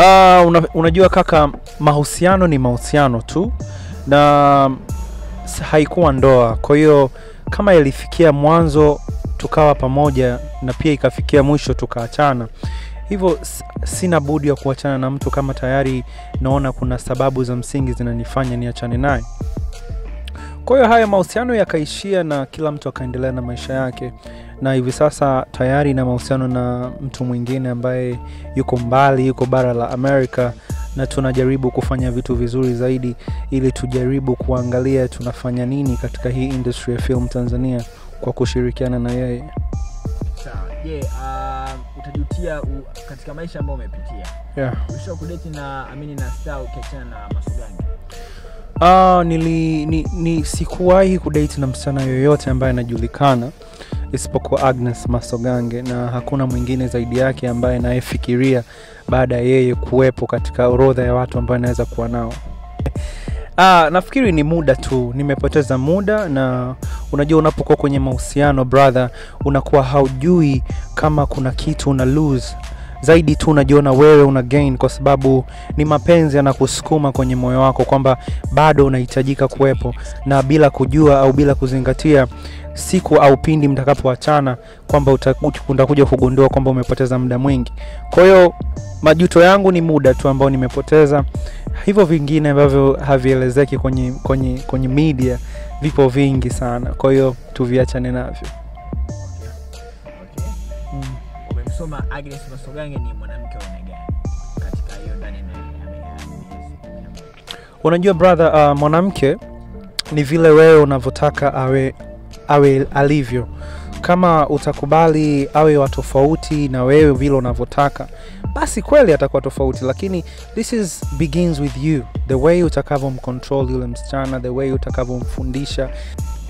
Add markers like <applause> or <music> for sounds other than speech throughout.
Uh, una, unajua kaka, mahusiano ni mahusiano tu na haikuwa ndoa. Kwa hiyo kama ilifikia mwanzo tukawa pamoja na pia ikafikia mwisho tukaachana, hivyo sina budi ya kuachana na mtu kama tayari naona kuna sababu za msingi zinanifanya niachane naye. Kwa hiyo haya mahusiano yakaishia na kila mtu akaendelea na maisha yake, na hivi sasa tayari na mahusiano na mtu mwingine ambaye yuko mbali, yuko bara la Amerika, na tunajaribu kufanya vitu vizuri zaidi, ili tujaribu kuangalia tunafanya nini katika hii industry ya film Tanzania kwa kushirikiana na yeye. yeah, uh, utajutia u, katika maisha ambayo umepitia yeah. na amini na star ukiachana na masogangi? Uh, nili, ni, ni sikuwahi kudate na msichana yoyote ambaye anajulikana isipokuwa Agnes Masogange na hakuna mwingine zaidi yake ambaye anayefikiria baada ya yeye kuwepo katika orodha ya watu ambayo anaweza kuwa nao. Ah, nafikiri ni muda tu, nimepoteza muda, na unajua unapokuwa kwenye mahusiano brother, unakuwa haujui kama kuna kitu una lose zaidi tu unajiona wewe una gain, kwa sababu ni mapenzi yanakusukuma kwenye moyo wako kwamba bado unahitajika kuwepo, na bila kujua au bila kuzingatia siku au pindi mtakapoachana kwamba utakuja kugundua kwamba umepoteza muda mwingi. Kwa hiyo majuto yangu ni muda tu ambao nimepoteza. Hivyo vingine ambavyo havielezeki kwenye, kwenye, kwenye media vipo vingi sana, kwa hiyo tuviachane navyo. kusoma Agnes Masogange ni mwanamke wa aina gani katika hiyo ndani Unajua brother, uh, mwanamke ni vile wewe unavyotaka awe, awe alivyo. Kama utakubali awe wa tofauti na wewe vile unavyotaka, basi kweli atakuwa tofauti, lakini this is begins with you, the way utakavyomcontrol yule msichana, the way utakavyomfundisha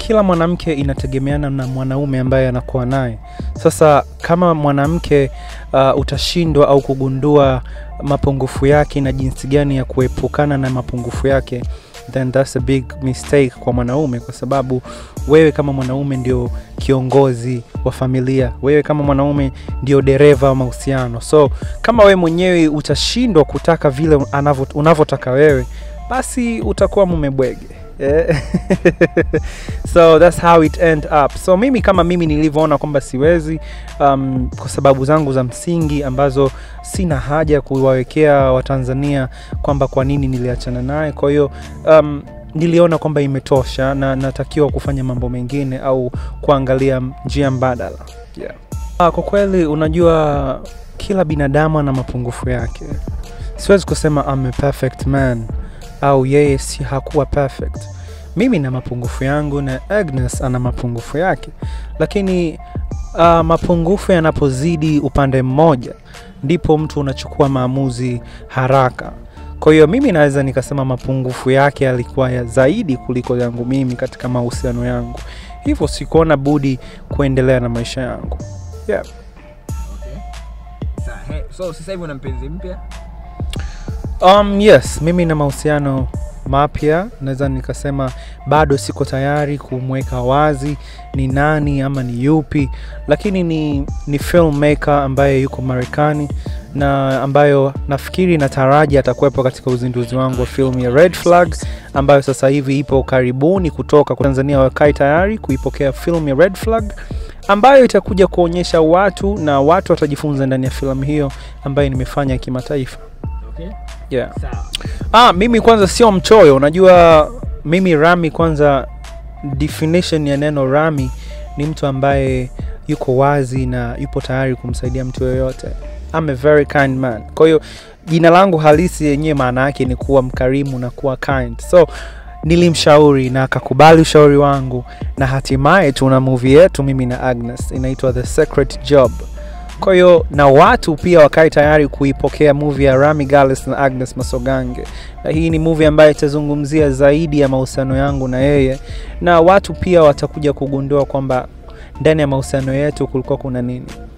kila mwanamke inategemeana na mwanaume ambaye anakuwa naye sasa kama mwanamke uh, utashindwa au kugundua mapungufu yake na jinsi gani ya kuepukana na mapungufu yake then that's a big mistake kwa mwanaume kwa sababu wewe kama mwanaume ndio kiongozi wa familia wewe kama mwanaume ndio dereva wa mahusiano so kama wewe mwenyewe utashindwa kutaka vile unavyotaka wewe basi utakuwa mume bwege Eh. <laughs> so that's how it end up so mimi kama mimi nilivyoona kwamba siwezi um, kwa sababu zangu za msingi ambazo sina haja ya kuwawekea watanzania kwamba kwa nini niliachana naye kwa hiyo um, niliona kwamba imetosha na natakiwa kufanya mambo mengine au kuangalia njia mbadala yeah. Ah, kwa kweli unajua kila binadamu ana mapungufu yake siwezi kusema I'm a perfect man au yeye si hakuwa perfect. Mimi na mapungufu yangu na Agnes ana mapungufu yake, lakini uh, mapungufu yanapozidi upande mmoja, ndipo mtu unachukua maamuzi haraka. Kwa hiyo mimi naweza nikasema mapungufu yake yalikuwa ya zaidi kuliko yangu mimi katika mahusiano yangu, hivyo sikuona budi kuendelea na maisha yangu yeah. Okay. So sasa hivi una mpenzi mpya? Um, yes, mimi na mahusiano mapya naweza nikasema bado siko tayari kumweka wazi ni nani ama ni yupi, lakini ni, ni filmmaker ambaye yuko Marekani na ambayo nafikiri na taraji atakuwepo katika uzinduzi wangu wa film ya Red Flag ambayo sasa hivi ipo karibuni kutoka kwa Tanzania. wakai tayari kuipokea film ya Red Flag ambayo itakuja kuonyesha watu na watu watajifunza ndani ya filamu hiyo ambayo nimefanya kimataifa. Okay yeah. Ah, mimi kwanza sio mchoyo, unajua mimi Rami kwanza definition ya neno Rami ni mtu ambaye yuko wazi na yupo tayari kumsaidia mtu yoyote. I'm a very kind man. Kwa hiyo jina langu halisi yenyewe maana yake ni kuwa mkarimu na kuwa kind. So nilimshauri na akakubali ushauri wangu na hatimaye tuna muvi yetu mimi na Agnes inaitwa The Secret Job kwa hiyo na watu pia wakae tayari kuipokea movie ya Rami gales na Agnes Masogange, na hii ni movie ambayo itazungumzia zaidi ya mahusiano yangu na yeye, na watu pia watakuja kugundua kwamba ndani ya mahusiano yetu kulikuwa kuna nini.